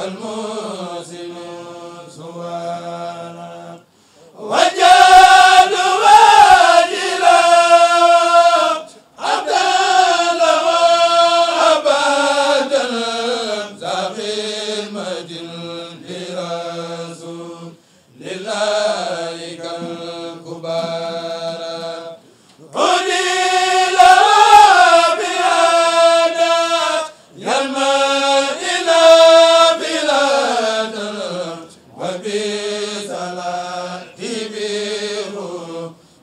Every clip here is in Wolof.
lillah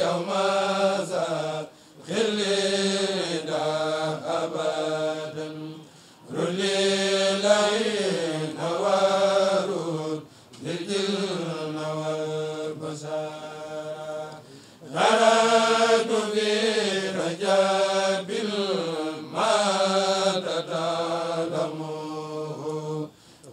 yawma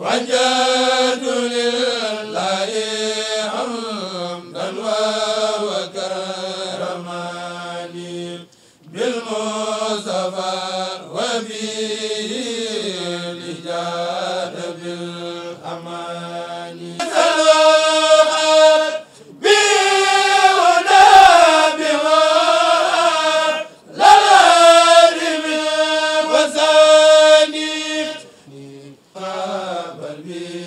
wanja bi